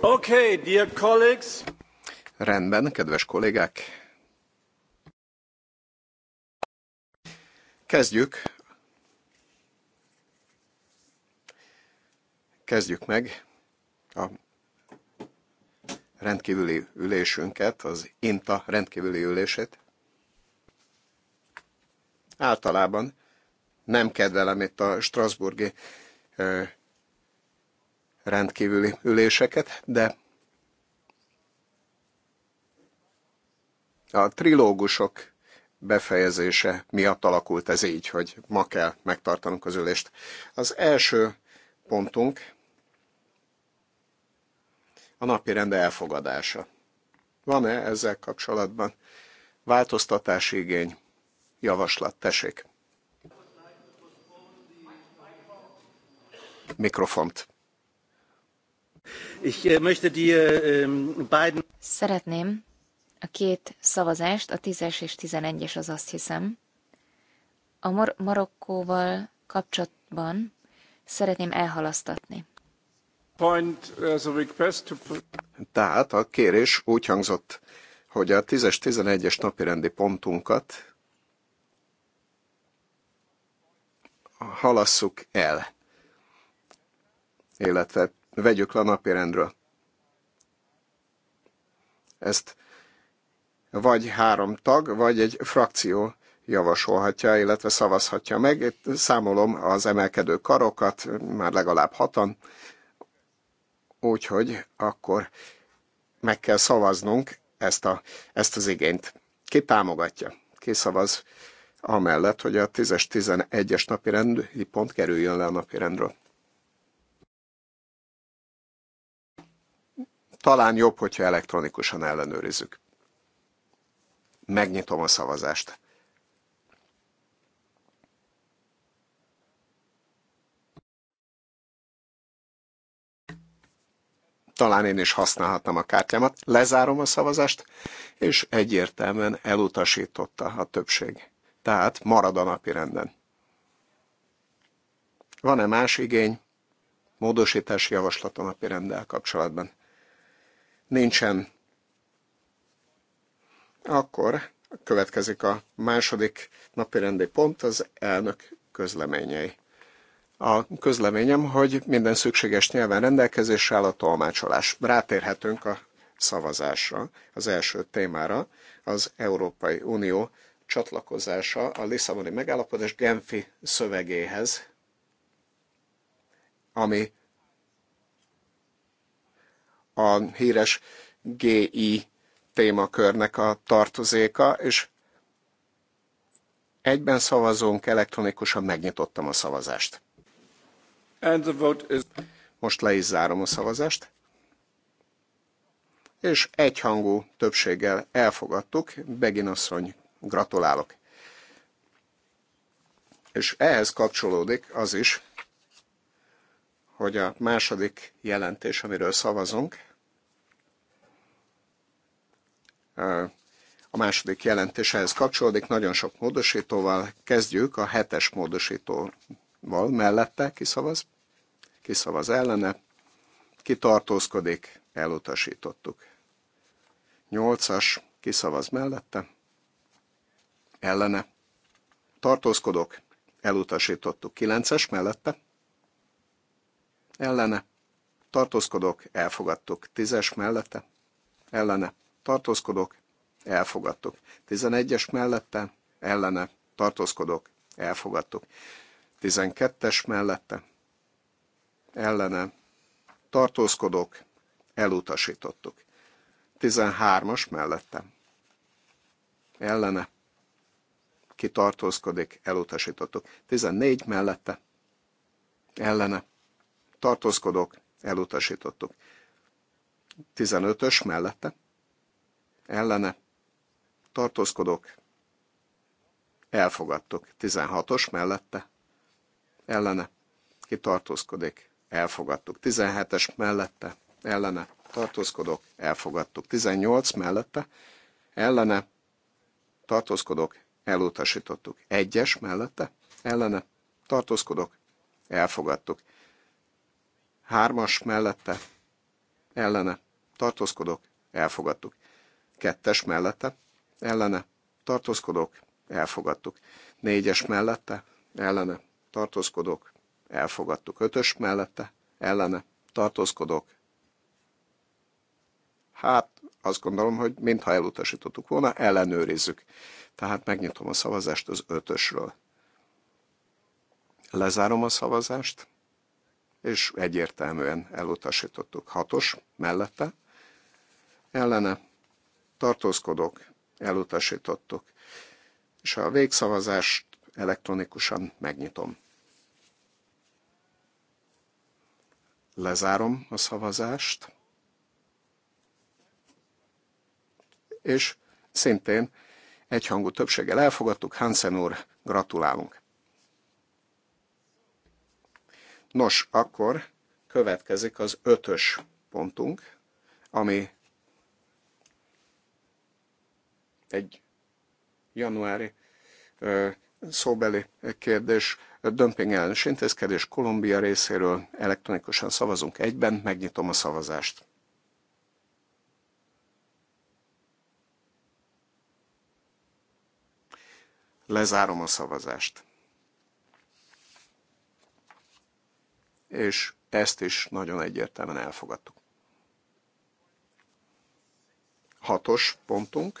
Okay, dear colleagues. Rendben, kedves kollégák. Kezdjük. Kezdjük meg a rendkívüli ülésünket, az INTA rendkívüli ülését. Általában nem kedvelem itt a Strasburgi rendkívüli üléseket, de a trilógusok befejezése miatt alakult ez így, hogy ma kell megtartanunk az ülést. Az első pontunk a napi rend elfogadása. Van-e ezzel kapcsolatban változtatási igény, javaslat, tessék? Mikrofont. Äh, äh, ähm, szeretném a két szavazást, a 10-es és 11-es az azt hiszem. A Mar- Marokkóval kapcsolatban szeretném elhalasztatni. Point, to... Tehát a kérés úgy hangzott, hogy a 10-es, 11-es napirendi pontunkat halasszuk el, illetve vegyük le a napirendről. Ezt vagy három tag, vagy egy frakció javasolhatja, illetve szavazhatja meg. Itt számolom az emelkedő karokat, már legalább hatan, úgyhogy akkor meg kell szavaznunk ezt, a, ezt az igényt. Ki támogatja? Ki szavaz amellett, hogy a 10-11-es napi rendi pont kerüljön le a napi rendről? Talán jobb, hogyha elektronikusan ellenőrizzük. Megnyitom a szavazást. talán én is használhatnám a kártyámat, lezárom a szavazást, és egyértelműen elutasította a többség. Tehát marad a napi renden. Van-e más igény? Módosítási javaslat a napi rendel kapcsolatban nincsen. Akkor következik a második rendi pont, az elnök közleményei. A közleményem, hogy minden szükséges nyelven rendelkezésre áll a tolmácsolás. Rátérhetünk a szavazásra, az első témára, az Európai Unió csatlakozása a Lisszaboni megállapodás Genfi szövegéhez, ami a híres GI témakörnek a tartozéka, és egyben szavazunk, elektronikusan megnyitottam a szavazást. And the vote is... Most le is zárom a szavazást. És egyhangú többséggel elfogadtuk. Begin asszony, gratulálok. És ehhez kapcsolódik az is, hogy a második jelentés, amiről szavazunk, a második jelentéshez kapcsolódik, nagyon sok módosítóval kezdjük, a hetes módosítóval mellette kiszavaz, kiszavaz ellene, kitartózkodik, elutasítottuk. Nyolcas, kiszavaz mellette, ellene, tartózkodok, elutasítottuk. Kilences mellette, ellene, tartózkodok, elfogadtok. Tízes mellette, ellene, tartózkodok, elfogadtok. Tizenegyes mellette, ellene, tartózkodok, elfogadtok. Tizenkettes mellette, ellene, tartózkodok, elutasítottuk. Tizenhármas mellette, ellene, ki elutasítottuk. 14 mellette, ellene, tartózkodok, elutasítottuk. 15-ös mellette, ellene, tartózkodok, elfogadtuk. 16-os mellette, ellene, ki tartózkodik, elfogadtuk. 17-es mellette, ellene, tartózkodok, elfogadtuk. 18 mellette, ellene, tartózkodok, elutasítottuk. Egyes mellette, ellene, tartózkodok, elfogadtuk. Hármas mellette, ellene, tartózkodok, elfogadtuk. Kettes mellette, ellene, tartózkodok, elfogadtuk. Négyes mellette, ellene, tartózkodok, elfogadtuk. Ötös mellette, ellene, tartózkodok. Hát, azt gondolom, hogy mintha elutasítottuk volna, ellenőrizzük. Tehát megnyitom a szavazást az ötösről. Lezárom a szavazást és egyértelműen elutasítottuk. Hatos mellette, ellene tartózkodók, elutasítottuk. És a végszavazást elektronikusan megnyitom. Lezárom a szavazást, és szintén egyhangú többséggel elfogadtuk. Hansen úr, gratulálunk! Nos, akkor következik az ötös pontunk, ami egy januári szóbeli kérdés, dömping ellenes intézkedés Kolumbia részéről, elektronikusan szavazunk egyben, megnyitom a szavazást. Lezárom a szavazást. és ezt is nagyon egyértelműen elfogadtuk. Hatos pontunk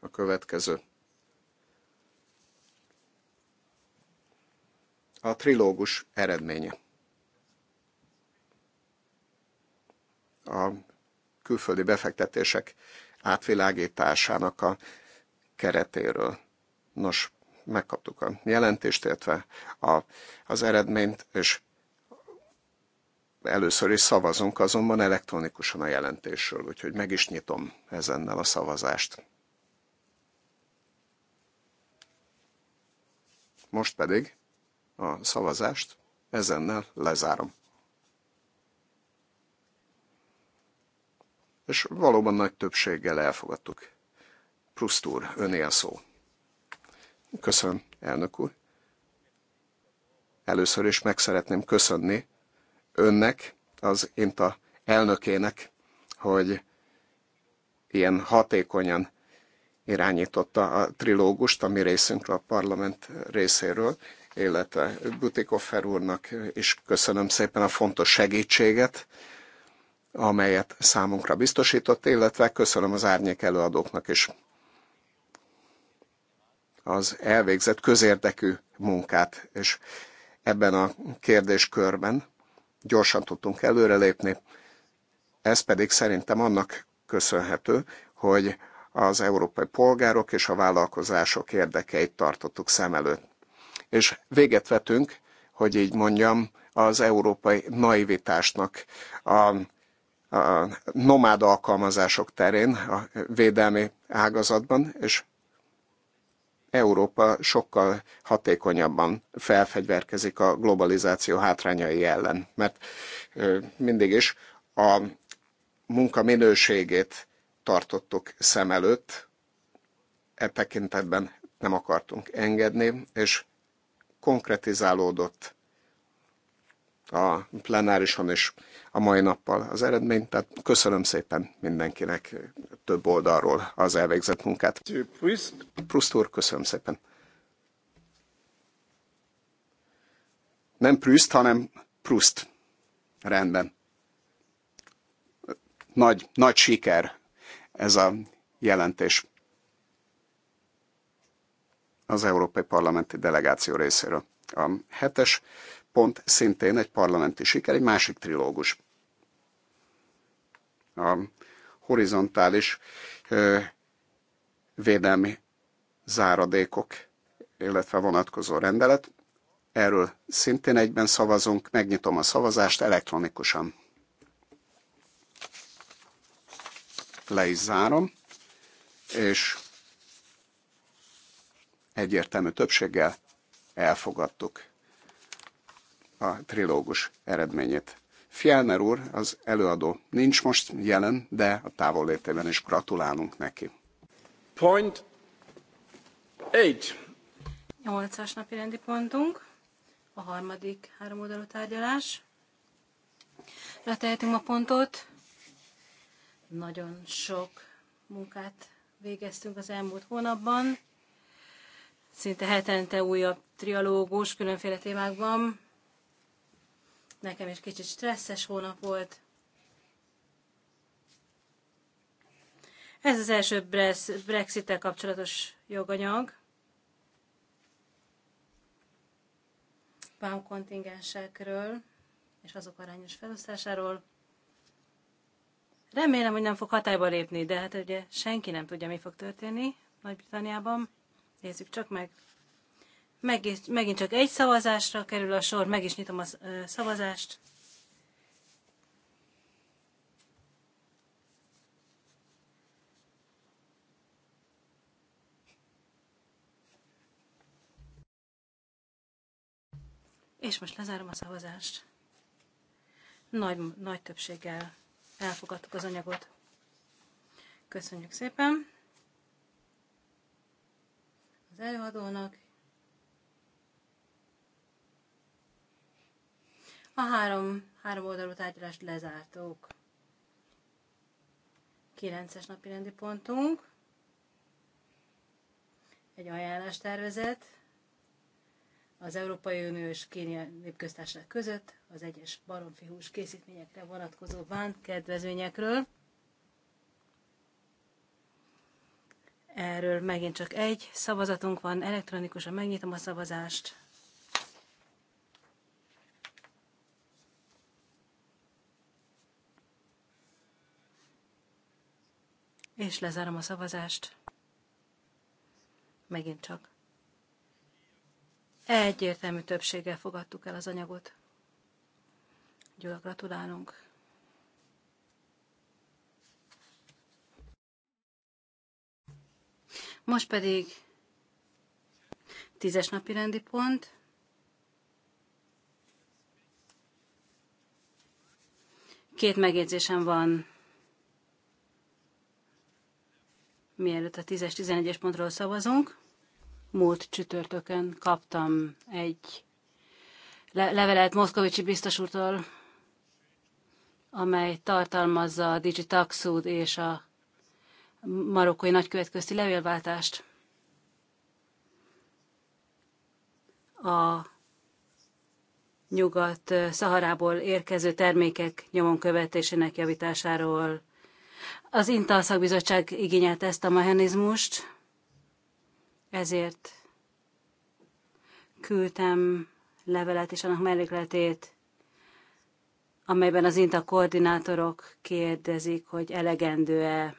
a következő. A trilógus eredménye. A külföldi befektetések átvilágításának a keretéről. Nos, megkaptuk a jelentést, illetve a, az eredményt, és Először is szavazunk azonban elektronikusan a jelentésről, úgyhogy meg is nyitom ezennel a szavazást. Most pedig a szavazást ezennel lezárom. És valóban nagy többséggel elfogadtuk. Pruszt úr, öné a szó. Köszönöm, elnök úr. Először is meg szeretném köszönni önnek, az INTA elnökének, hogy ilyen hatékonyan irányította a trilógust, ami részünkről a parlament részéről, illetve Butikoffer úrnak is köszönöm szépen a fontos segítséget, amelyet számunkra biztosított, illetve köszönöm az árnyék előadóknak is az elvégzett közérdekű munkát, és ebben a kérdéskörben gyorsan tudtunk előrelépni. Ez pedig szerintem annak köszönhető, hogy az európai polgárok és a vállalkozások érdekeit tartottuk szem előtt. És véget vetünk, hogy így mondjam, az európai naivitásnak a a nomád alkalmazások terén, a védelmi ágazatban, és Európa sokkal hatékonyabban felfegyverkezik a globalizáció hátrányai ellen, mert mindig is a munka minőségét tartottuk szem előtt, e tekintetben nem akartunk engedni, és konkretizálódott a plenárison is a mai nappal az eredményt, tehát köszönöm szépen mindenkinek több oldalról az elvégzett munkát. Pruszt úr, köszönöm szépen. Nem Pruszt, hanem Pruszt. Rendben. Nagy, nagy siker ez a jelentés az Európai Parlamenti Delegáció részéről. A hetes pont szintén egy parlamenti siker, egy másik trilógus. A horizontális védelmi záradékok, illetve vonatkozó rendelet. Erről szintén egyben szavazunk, megnyitom a szavazást elektronikusan. Le is zárom, és egyértelmű többséggel elfogadtuk a trilógus eredményét. Fjellner úr, az előadó, nincs most jelen, de a távollétében is gratulálunk neki. Point 8. Nyolcas napi rendi pontunk, a harmadik háromoldalú tárgyalás. Letehetünk a pontot. Nagyon sok munkát végeztünk az elmúlt hónapban. Szinte hetente újabb trialógus különféle témákban nekem is kicsit stresszes hónap volt. Ez az első Brexit-tel kapcsolatos joganyag. kontingensekről és azok arányos felosztásáról. Remélem, hogy nem fog hatályba lépni, de hát ugye senki nem tudja, mi fog történni Nagy-Britanniában. Nézzük csak meg. Megint, megint csak egy szavazásra kerül a sor, meg is nyitom a szavazást. És most lezárom a szavazást. Nagy, nagy többséggel elfogadtuk az anyagot. Köszönjük szépen az előadónak A három, három oldalú tárgyalást lezártuk. 9-es napi rendi pontunk. Egy ajánlástervezet az Európai Unió és Kénia népköztársaság között az egyes baromfi hús készítményekre vonatkozó kedvezményekről. Erről megint csak egy szavazatunk van, elektronikusan megnyitom a szavazást. És lezárom a szavazást. Megint csak. Egyértelmű többséggel fogadtuk el az anyagot. Gyula, gratulálunk! Most pedig tízes napi rendi pont. Két megjegyzésem van mielőtt a 10-es, 11-es pontról szavazunk. Múlt csütörtökön kaptam egy le- levelet Moszkovicsi biztos úrtól, amely tartalmazza a Digitaxud és a marokkói közti levélváltást. A nyugat-szaharából érkező termékek nyomon követésének javításáról az INTA szakbizottság igényelte ezt a mechanizmust, ezért küldtem levelet és annak mellékletét, amelyben az INTA koordinátorok kérdezik, hogy elegendő-e,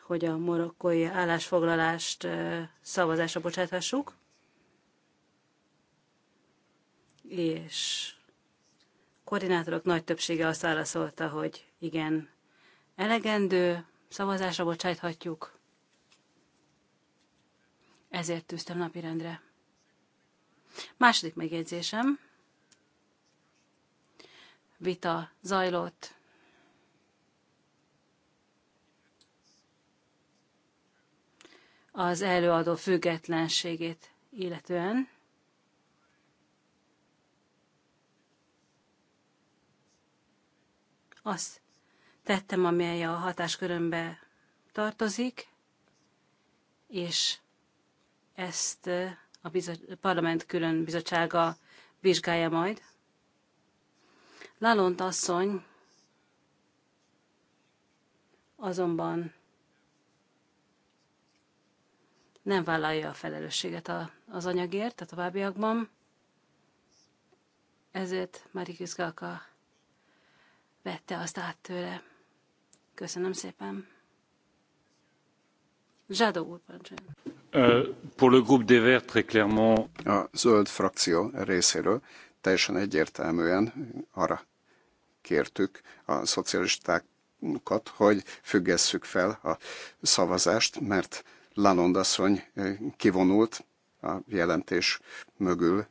hogy a morokkói állásfoglalást szavazásra bocsáthassuk és koordinátorok nagy többsége azt válaszolta, hogy igen, elegendő, szavazásra bocsájthatjuk. Ezért tűztem napirendre. Második megjegyzésem. Vita zajlott. Az előadó függetlenségét illetően. azt tettem, amely a hatáskörömbe tartozik, és ezt a bizot, parlament külön bizottsága vizsgálja majd. Lalont asszony azonban nem vállalja a felelősséget a, az anyagért a továbbiakban, ezért Marikus Galka vette azt át tőle. Köszönöm szépen. Zsadó úr, uh, A zöld frakció részéről teljesen egyértelműen arra kértük a szocialistákat, hogy függesszük fel a szavazást, mert Lanond asszony kivonult a jelentés mögül,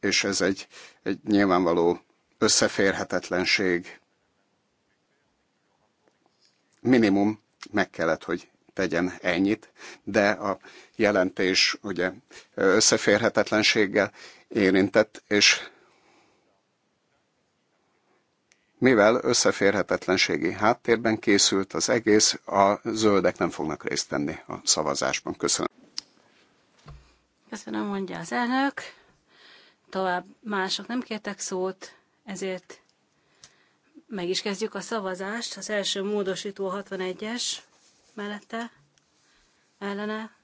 és ez egy, egy nyilvánvaló összeférhetetlenség minimum meg kellett, hogy tegyen ennyit, de a jelentés ugye összeférhetetlenséggel érintett, és mivel összeférhetetlenségi háttérben készült az egész, a zöldek nem fognak részt venni a szavazásban. Köszönöm. Köszönöm, mondja az elnök. Tovább mások nem kértek szót, ezért meg is kezdjük a szavazást. Az első módosító 61-es mellette ellene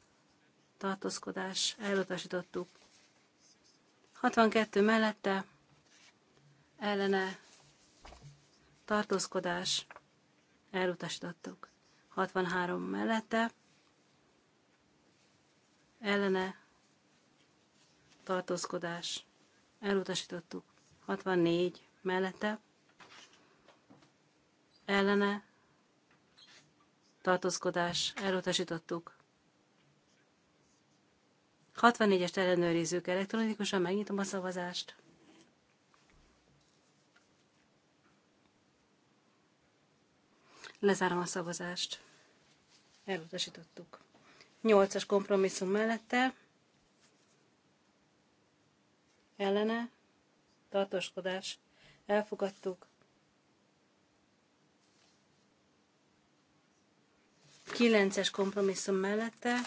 tartózkodás elutasítottuk. 62 mellette ellene tartózkodás elutasítottuk. 63 mellette ellene tartózkodás elutasítottuk. 64 mellette ellene tartózkodás elutasítottuk. 64-est ellenőrizzük elektronikusan, megnyitom a szavazást. Lezárom a szavazást. Elutasítottuk. 8-as kompromisszum mellette ellene tartózkodás elfogadtuk. 9-es kompromisszum mellette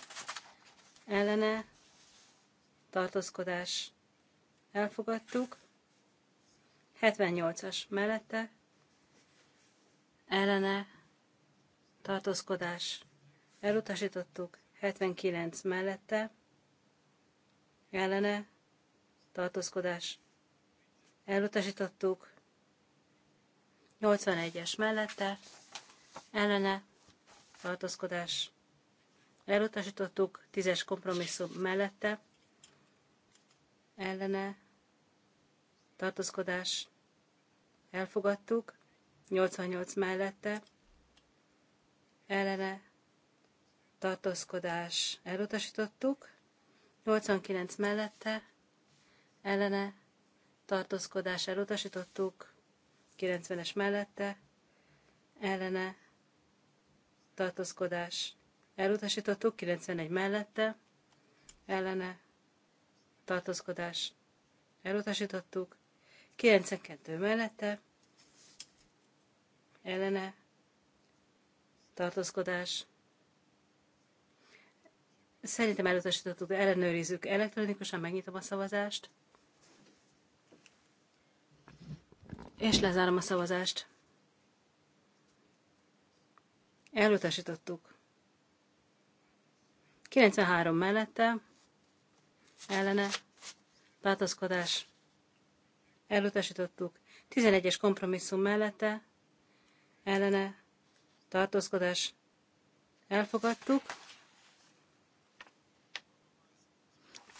ellene tartózkodás elfogadtuk, 78-as mellette ellene tartózkodás elutasítottuk, 79 mellette ellene tartózkodás elutasítottuk, 81-es mellette ellene tartózkodás elutasítottuk, tízes kompromisszum mellette, ellene tartózkodás elfogadtuk, 88 mellette, ellene tartózkodás elutasítottuk, 89 mellette, ellene tartózkodás elutasítottuk, 90-es mellette, ellene tartózkodás elutasítottuk, 91 mellette, ellene tartózkodás elutasítottuk, 92 mellette, ellene tartózkodás. Szerintem elutasítottuk, ellenőrizzük elektronikusan, megnyitom a szavazást. És lezárom a szavazást. Elutasítottuk. 93 mellette, ellene, változkodás, elutasítottuk. 11-es kompromisszum mellette, ellene, tartózkodás, elfogadtuk.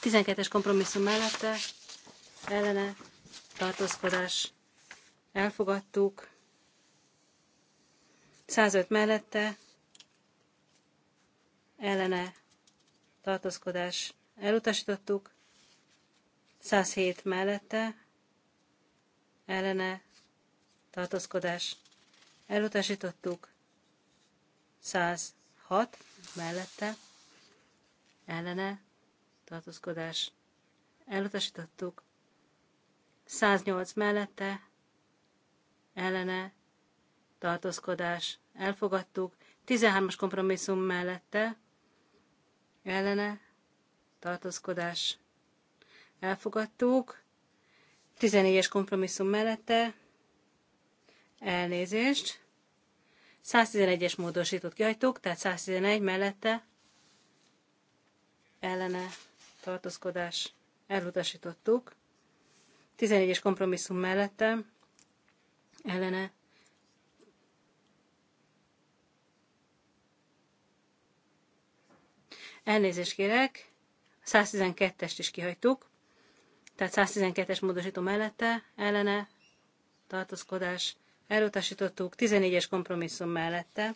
12-es kompromisszum mellette, ellene, tartózkodás, elfogadtuk. 105 mellette ellene tartózkodás elutasítottuk, 107 mellette ellene tartózkodás elutasítottuk, 106 mellette ellene tartózkodás elutasítottuk, 108 mellette ellene tartózkodás, elfogadtuk. 13-as kompromisszum mellette, ellene, tartózkodás, elfogadtuk. 14-es kompromisszum mellette, elnézést, 111-es módosítót kihagytuk, tehát 111 mellette, ellene, tartózkodás, elutasítottuk. 14 es kompromisszum mellette, ellene, Elnézést kérek, 112-est is kihagytuk, tehát 112-es módosító mellette, ellene, tartózkodás, elutasítottuk, 14-es kompromisszum mellette,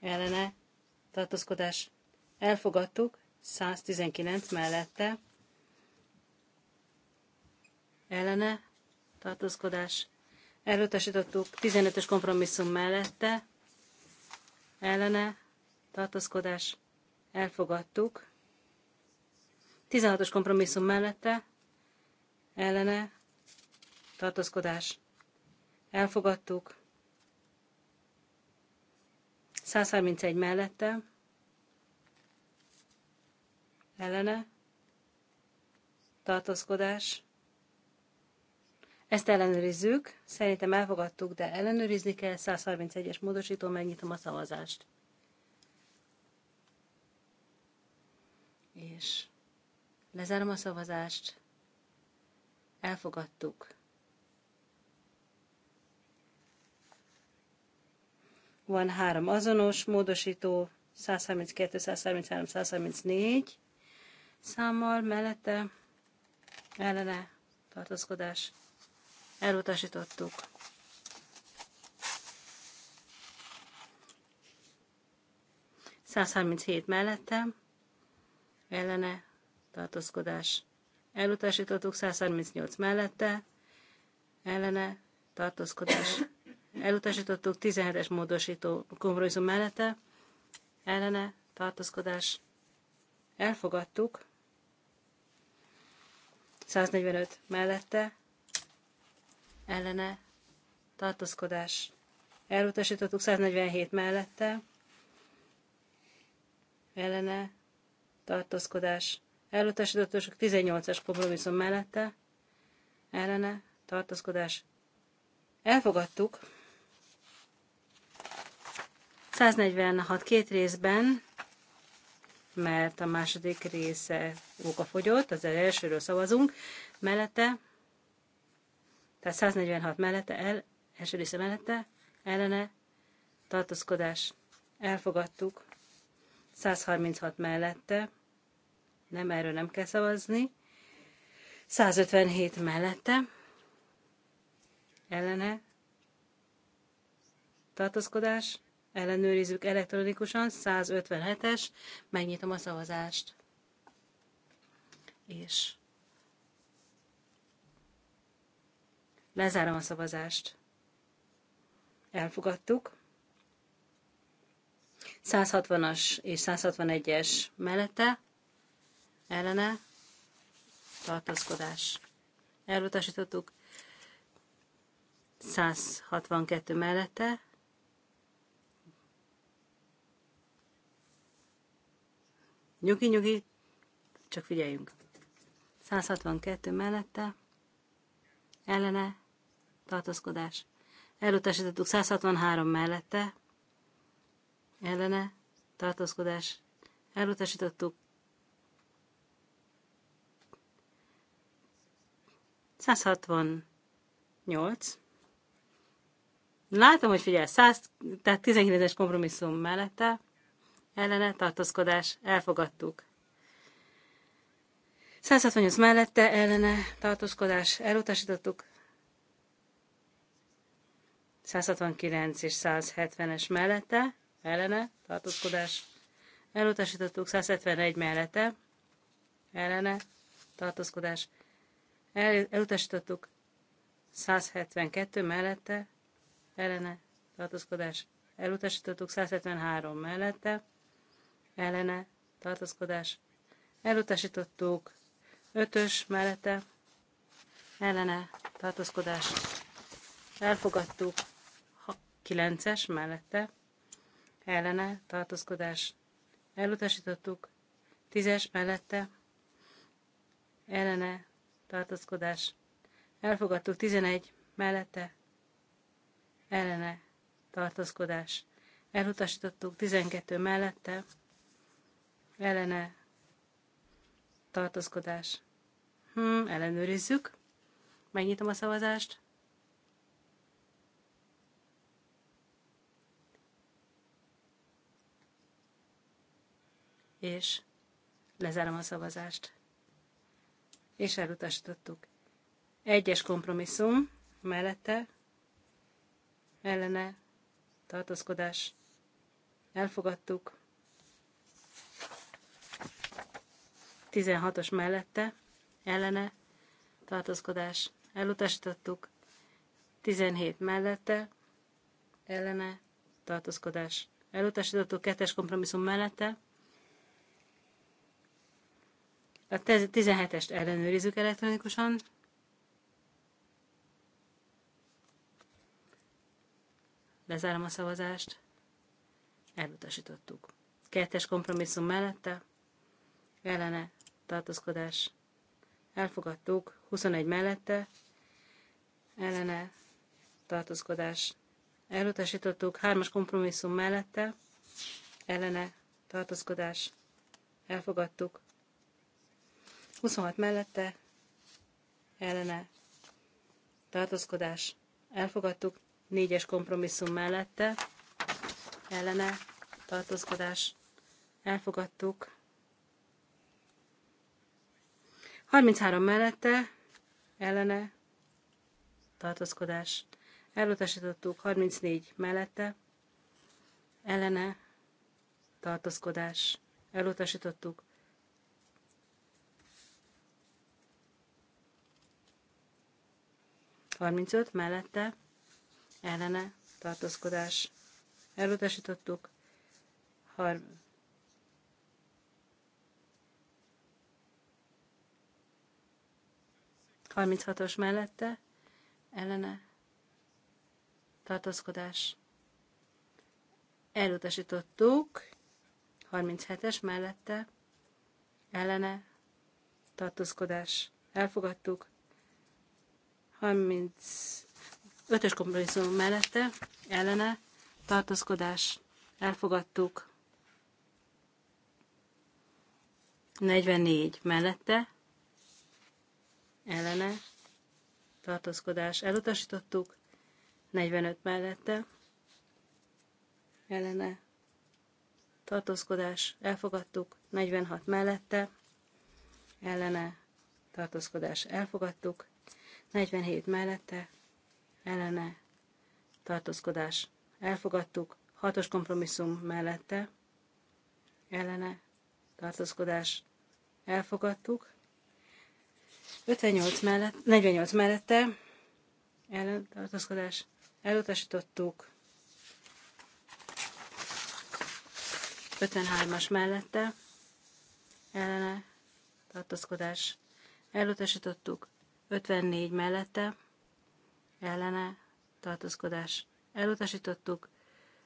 ellene, tartózkodás, elfogadtuk, 119 mellette, ellene, tartózkodás, elutasítottuk, 15-ös kompromisszum mellette, ellene, tartózkodás, elfogadtuk. 16-os kompromisszum mellette, ellene, tartózkodás, elfogadtuk. 131 mellette, ellene, tartózkodás. Ezt ellenőrizzük, szerintem elfogadtuk, de ellenőrizni kell, 131-es módosító, megnyitom a szavazást. és lezárom a szavazást. Elfogadtuk. Van három azonos módosító, 132, 133, 134 számmal mellette ellene tartózkodás. Elutasítottuk. Százharminchét mellette ellene tartózkodás elutasítottuk, 138 mellette ellene tartózkodás elutasítottuk, 17-es módosító kompromisszum mellette ellene tartózkodás elfogadtuk, 145 mellette ellene tartózkodás elutasítottuk, 147 mellette ellene tartózkodás elutasítottak, 18-as kompromisszum mellette ellene tartózkodás elfogadtuk. 146 két részben, mert a második része fogyott, az elsőről szavazunk, mellette, tehát 146 mellette, el, első része mellette, ellene, tartózkodás, elfogadtuk. 136 mellette, nem, erről nem kell szavazni, 157 mellette, ellene, tartózkodás, ellenőrizzük elektronikusan, 157-es, megnyitom a szavazást. És lezárom a szavazást. Elfogadtuk. 160-as és 161-es mellette ellene tartózkodás. Elutasítottuk 162 mellette Nyugi, nyugi, csak figyeljünk. 162 mellette, ellene, tartózkodás. Elutasítottuk 163 mellette, ellene tartózkodás elutasítottuk. 168. Látom, hogy figyel, 100, tehát 19-es kompromisszum mellette ellene tartózkodás elfogadtuk. 168 mellette ellene tartózkodás elutasítottuk. 169 és 170-es mellette ellene, tartózkodás elutasítottuk, 171 mellette, ellene, tartózkodás el, elutasítottuk, 172 mellette, ellene, tartózkodás elutasítottuk, 173 mellette, ellene, tartózkodás elutasítottuk, 5-ös mellette, ellene, tartózkodás elfogadtuk, 9-es mellette, ellene tartózkodás elutasítottuk, tízes mellette ellene tartózkodás elfogadtuk, tizenegy mellette ellene tartózkodás elutasítottuk, tizenkettő mellette ellene tartózkodás. Hmm, ellenőrizzük. Megnyitom a szavazást. és lezárom a szavazást. És elutasítottuk. Egyes kompromisszum mellette ellene tartózkodás elfogadtuk. 16-os mellette ellene tartózkodás elutasítottuk. 17 mellette ellene tartózkodás elutasítottuk. Kettes kompromisszum mellette a 17-est ellenőrizzük elektronikusan. Lezárom a szavazást. Elutasítottuk. Kettes kompromisszum mellette ellene tartózkodás. Elfogadtuk. 21 mellette ellene tartózkodás. Elutasítottuk. Hármas kompromisszum mellette ellene tartózkodás. Elfogadtuk. 26 mellette ellene tartózkodás elfogadtuk, 4-es kompromisszum mellette ellene tartózkodás elfogadtuk, 33 mellette ellene tartózkodás elutasítottuk, 34 mellette ellene tartózkodás elutasítottuk, 35 mellette ellene tartózkodás elutasítottuk. 36-os mellette ellene tartózkodás. Elutasítottuk 37-es mellette ellene tartózkodás. Elfogadtuk 35-ös kompromisszum mellette ellene tartózkodás elfogadtuk. 44 mellette ellene tartózkodás elutasítottuk. 45 mellette ellene tartózkodás elfogadtuk. 46 mellette ellene tartózkodás elfogadtuk. 47 mellette ellene tartózkodás elfogadtuk, 6-os kompromisszum mellette ellene tartózkodás elfogadtuk, 58 mellett, 48 mellette ellen tartózkodás elutasítottuk, 53-as mellette ellene tartózkodás elutasítottuk, 54 mellette ellene tartózkodás elutasítottuk,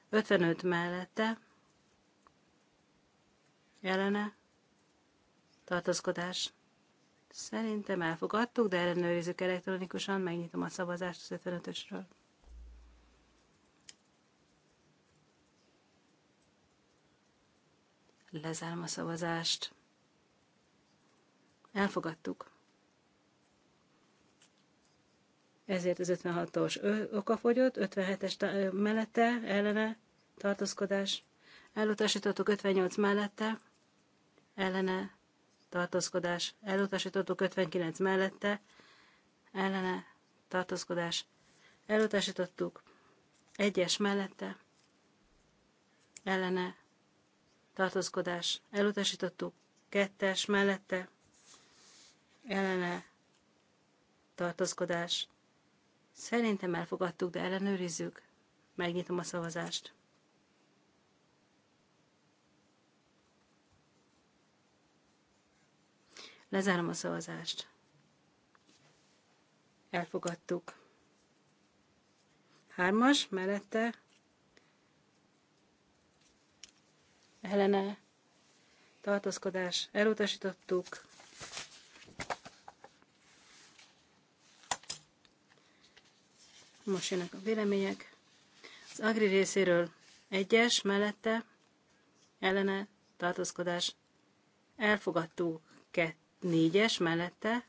55 mellette ellene tartózkodás. Szerintem elfogadtuk, de ellenőrizzük elektronikusan, megnyitom a szavazást az 55-ösről. Lezárom a szavazást. Elfogadtuk. ezért az 56-os okafogyott, 57-es mellette, ellene, tartózkodás, elutasítottuk 58 mellette, ellene, tartózkodás, elutasítottuk 59 mellette, ellene, tartózkodás, elutasítottuk egyes mellette, ellene, tartózkodás, elutasítottuk 2-es mellette, ellene, tartózkodás, Szerintem elfogadtuk, de ellenőrizzük. Megnyitom a szavazást. Lezárom a szavazást. Elfogadtuk. Hármas, mellette. Helene, tartózkodás, elutasítottuk. Most jönnek a vélemények. Az Agri részéről egyes, mellette, ellene, tartózkodás. Elfogadtuk kett, négyes, mellette,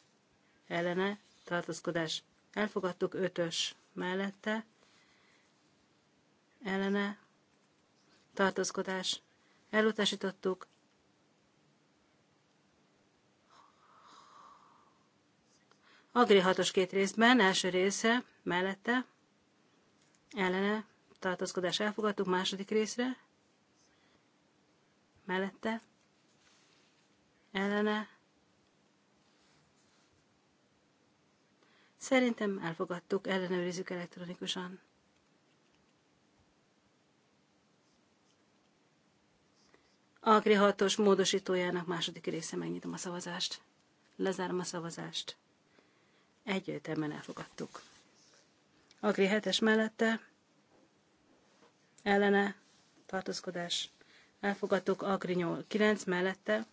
ellene, tartózkodás. Elfogadtuk ötös, mellette, ellene, tartózkodás. Elutasítottuk Agri 6 két részben, első része, mellette, ellene, tartózkodás elfogadtuk, második részre, mellette, ellene, Szerintem elfogadtuk, ellenőrizzük elektronikusan. Agri 6-os módosítójának második része megnyitom a szavazást. Lezárom a szavazást egyértelműen elfogadtuk. Agri 7 mellette ellene tartózkodás elfogadtuk, Agri 9 mellette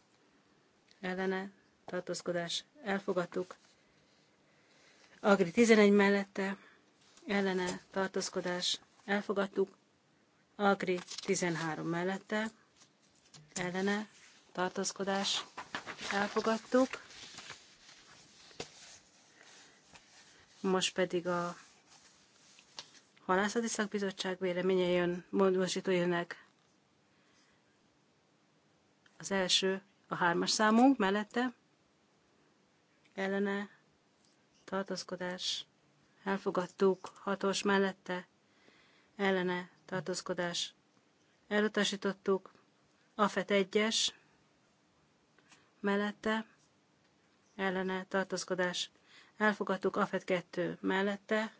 ellene tartózkodás elfogadtuk, Agri 11 mellette ellene tartózkodás elfogadtuk, Agri 13 mellette ellene tartózkodás elfogadtuk, Most pedig a Halászati Szakbizottság véleménye jön, módosító jönnek. Az első, a hármas számunk mellette, ellene, tartózkodás, elfogadtuk, hatos mellette, ellene, tartózkodás, elutasítottuk, AFET 1 egyes mellette, ellene, tartózkodás, Elfogadtuk AFET 2 mellette,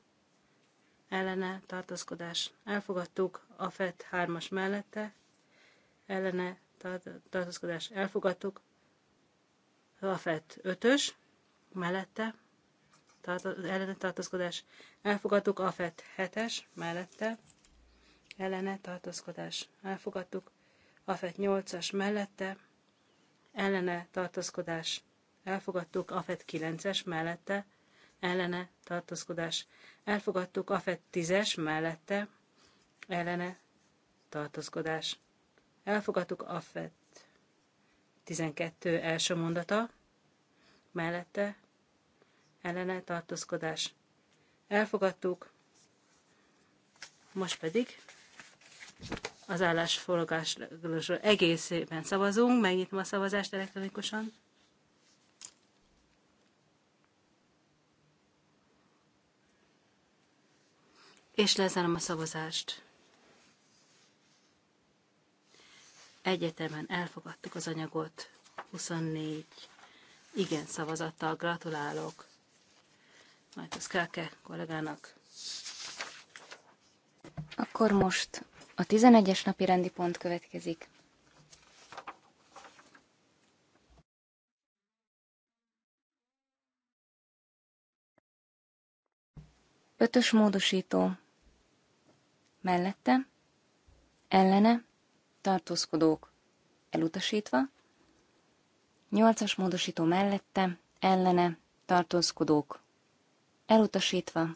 ellene tartózkodás. Elfogadtuk AFET 3-as mellette, ellene tartózkodás. Elfogadtuk AFET 5-ös mellette, ellene tartózkodás. Elfogadtuk AFET 7-es mellette, ellene tartózkodás. Elfogadtuk AFET 8-as mellette, ellene tartózkodás elfogadtuk, AFET 9-es mellette, ellene tartózkodás, elfogadtuk, AFET 10-es mellette, ellene tartózkodás, elfogadtuk, AFET 12 első mondata, mellette, ellene tartózkodás, elfogadtuk, most pedig az állásforgásról egészében szavazunk, megnyitom a szavazást elektronikusan. és lezárom a szavazást. Egyetemen elfogadtuk az anyagot. 24 igen szavazattal gratulálok. Majd az Káke kollégának. Akkor most a 11-es napi rendi pont következik. Ötös módosító mellette, ellene, tartózkodók elutasítva, Nyolcas módosító mellette, ellene, tartózkodók elutasítva,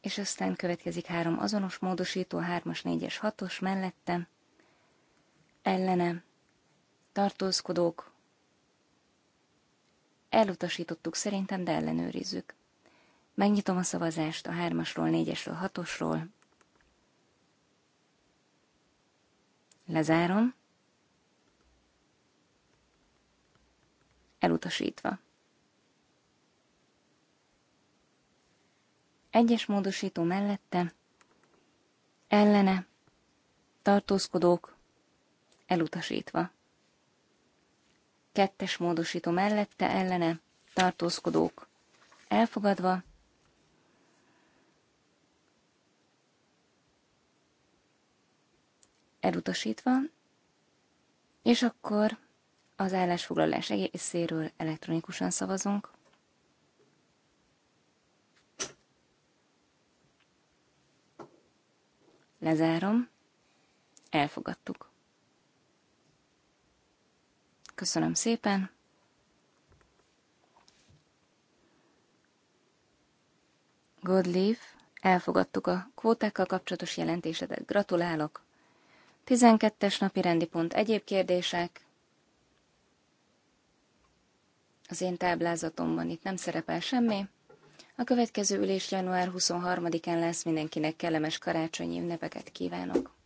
és aztán következik három azonos módosító, hármas, négyes, hatos mellette, ellene, tartózkodók elutasítottuk szerintem, de ellenőrizzük. Megnyitom a szavazást a 3-asról, 4-esről, 6-osról. Lezárom. Elutasítva. Egyes módosító mellette, ellene, tartózkodók, elutasítva. Kettes módosító mellette, ellene, tartózkodók, elfogadva elutasítva, és akkor az állásfoglalás egészéről elektronikusan szavazunk. Lezárom. Elfogadtuk. Köszönöm szépen. Godleaf, elfogadtuk a kvótákkal kapcsolatos jelentésedet. Gratulálok! 12 napi rendi pont egyéb kérdések. Az én táblázatomban itt nem szerepel semmi. A következő ülés január 23-án lesz mindenkinek kellemes karácsonyi ünnepeket kívánok.